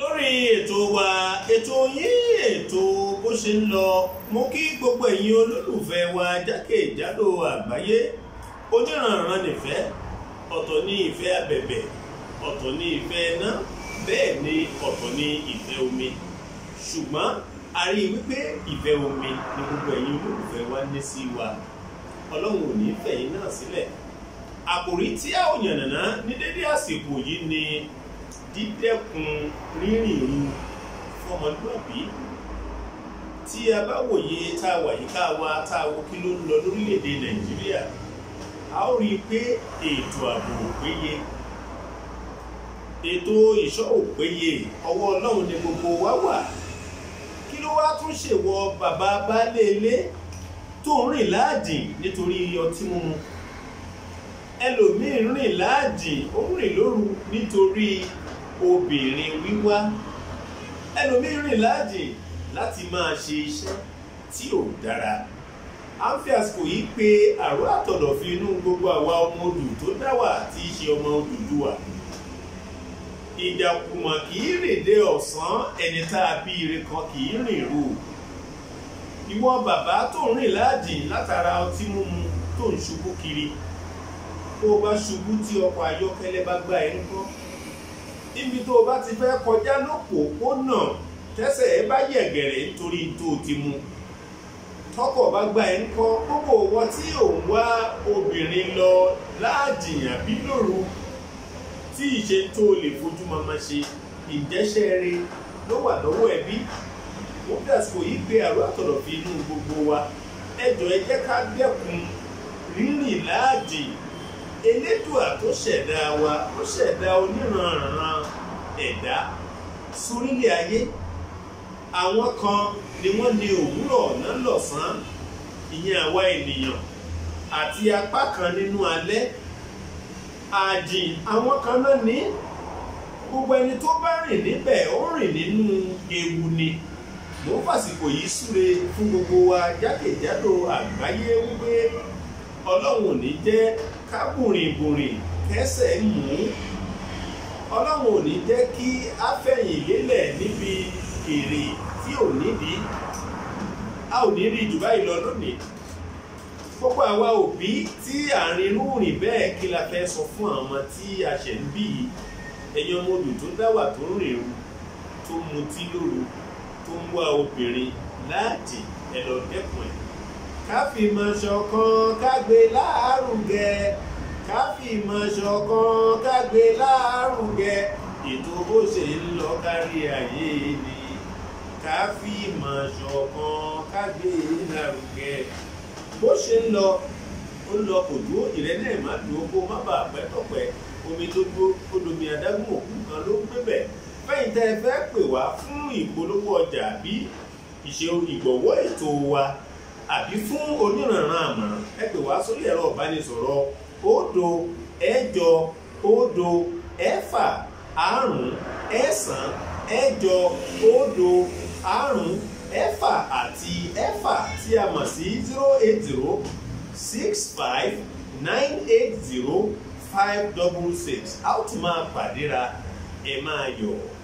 lórí ètò wa ètò yín ètò bó ṣe ń lọ mú kí gbogbo ẹ̀yin olólùfẹ́ wa jákèjádò àgbáyé ojúrànràn nìfẹ́ ọ̀tọ̀ ní ìfẹ́ abẹ̀bẹ̀ ọ̀tọ̀ ní ìfẹ́ ẹná bẹ́ẹ̀ ni ọ̀tọ̀ ní ìfẹ́ omi ṣùgbọ́n a rí i wípé ìfẹ́ omi ni gbogbo ẹ̀yin olólùfẹ́ wa ní sí wa ọlọ́run ò ní fẹ̀yìn náà sílẹ̀ àkòrí tí a ò yànnàná ní dédé àsìkò yìí ni dídẹ́kun rírìn fọmọlúàbí tí a bá wòye tá a wà yíká wa tá a wo kí ló ń lọ lórílẹ̀‐èdè nàìjíríà a ó rí i pé ètò ààbò ò péye ètò ìṣọ́ ò péye ọwọ́ ọlọ́run ni gbogbo wa wà kí ló wá tún ṣèwọ bàbá baálé ilé tó ń rìn láàdì nítorí ọtí mímu ẹlòmíín rìn láàdì ó ń rìn lóru nítorí obìnrin wíwá ẹlòmíràn láàjì láti máa ṣe iṣẹ́ tí ò dára à ń fi àsìkò yìí pé àrò àtọ̀dọ̀ fi inú gbogbo àwa ọmọ odù tó dáwà tí í ṣe ọmọ Odùduwà ìdàkùmọ̀ kì í rìn dé ọ̀sán ẹni tá a bí ire kan kì í rìn rú ìwọ bàbá tó ń rìn láàjì látara ọtí mímu tó ń ṣubú kiri tó o bá ṣubú tí ọkọ̀ ayọ́kẹ́lẹ́ bá gbá ẹ ń kọ́ níbi tó o bá ti fẹ́ kọjá lópòópónà tẹ́sẹ̀ ẹ bá yẹ̀gẹ̀rẹ̀ nítorí tó o ti mu tọkọ bá gba ẹ ń kọ gbogbo wọn tí òun wá obìnrin lọ láàjìyàn bí lóru tí ìṣe tó o lè fojú mama ṣe ìjẹ́ṣẹ́ rẹ ló wà lọ́wọ́ ẹbí ó bí àsìkò yìí pé àrùn àtọ̀rọ̀ fi inú gbogbo wa ẹ ẹ jẹ́ ká dẹ́kun rírìn láàjì elédùà tó ṣẹ̀dá wa ó ṣẹ̀dá oníranran ẹ̀dá sórílẹ̀ ayé àwọn kan ni wọ́n ní òwúrọ̀ ọ̀nà lọ̀sán ìyẹn àwa ènìyàn àti apá kan nínú alẹ́ àjìn àwọn kan náà ní gbogbo ẹni tó bá rìn níbẹ̀ ó rìn nínú ewu ni mo fàsìkò yìí súre fún gbogbo wa jákèjádò àgbáyé wípé ọlọ́run ò ní jẹ́ kábùrìnbùrìn kẹsẹ̀ mú ọlọ́run ò ní jẹ́ kí a fẹ̀yìn lélẹ̀ níbi èrè tí ò nídìí a ò ní rí jù báyìí lọ lónìí gbogbo àwa òbí tí à ń rinú rìn bẹ́ẹ̀ kí la fẹ́ sọ fún àwọn tí a ṣẹ̀ ń bí yìí ọmọ odò tó dáwà tó ń rìn tó mutí lóru tó ń wá obìnrin láti ẹ ẹ̀ ká fìmọ̀ ṣọ̀kan ká gbé lárugẹ ká fìmọ̀ ṣọ̀kan ká gbé lárugẹ ètò bó ṣe ń lọ kárí ayé ni ká fìmọ̀ ṣọ̀kan ká gbé lárugẹ bó ṣe ń lọ ó lọ kò dúró ìrẹ́lẹ̀ má dúró kó má bàa pẹ́ tọ̀pẹ́ omi tó dúró ó domi adágún òkú kan ló ń gbé fẹ́yìn tẹ́ ẹ fẹ́ pè wá fún ìpolówó ọjà bí ìṣe ìgbọ̀wọ́ ètò wa àbí fún onírànran àmọ̀ràn ẹ pè wá sórí ẹ̀rọ ìbánisọ̀rọ̀ òdo ẹ̀jọ òdo ẹ̀fà àrún ẹ̀sán ẹ̀jọ òdo àrún ẹ̀fà àti ẹ̀fà tí a mọ̀ sí zero eight zero six five nine eight zero five double six a ó tún máa pàdéra ẹ máa yọ̀.